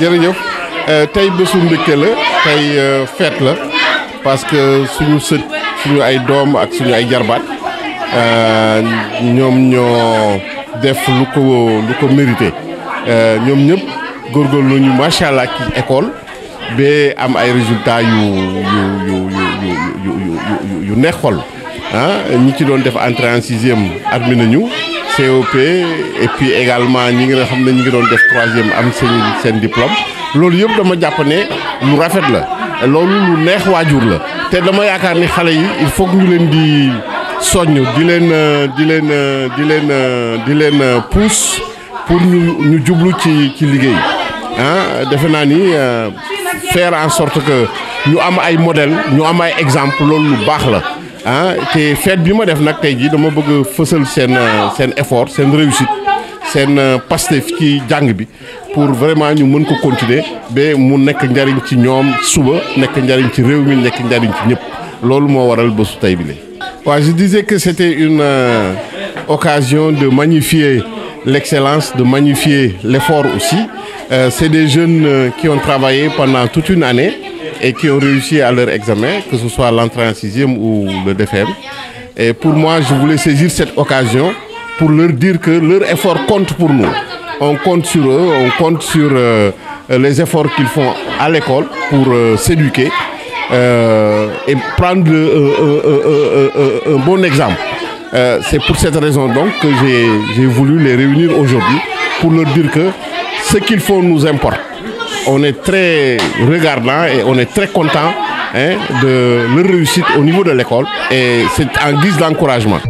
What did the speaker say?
jërëjëf euh, tey bésu mbégte la tey euh, fête la parce que suñu sët suñu ay doom ak suñu ay jarbaat euh, ñoom ñoo def lu ko lu ko mérité ñoom ñëpp góorgóorlu ñu macha allah ci école ba am ay résultats yu yu yu yu yu yu neex xol ah ci doon def entrée en sixième admis nañu. COP et puis également ñi nga xam ngi doon def troisième am seen sen diplôme loolu yëpp dama japp né lu rafet la loolu lu neex waajur la té dama yaakar ni xalé yi il faut que ñu leen di soñu di leen di leen di leen di leen pousse pour ñu ñu jublu ci ci liggéey hein ah, défé na ni euh, faire en sorte que ñu am ay modèle ñu am ay exemple loolu lu baax la ah te fête bi ma def nak tay ji dama bëgg a sen euh, sen effort sen réussite sen euh, Pastef ci jang bi pour vraiment ñu mën ko continuer bé mu nek ndariñ ci ñom suba nek ndariñ ci réew mi nekk njariñ ci ñëpp loolu mo waral bésu tay bi lé waaw je disais que c'était une euh, occasion de magnifier l'excellence, de magnifier l'effort aussi. Euh, c'est des jeunes qui ont travaillé pendant toute une année et qui ont réussi à leur examen, que ce soit l'entrée en sixième ou le DFM. Et pour moi, je voulais saisir cette occasion pour leur dire que leur effort compte pour nous. On compte sur eux, on compte sur euh, les efforts qu'ils font à l'école pour euh, s'éduquer euh, et prendre un bon exemple. C'est pour cette raison donc que j'ai voulu les réunir aujourd'hui pour leur dire que ce qu'ils font nous importe on est très regardant et on est très content hein, de leur réussite au niveau de l'école. Et c'est en guise d'encouragement.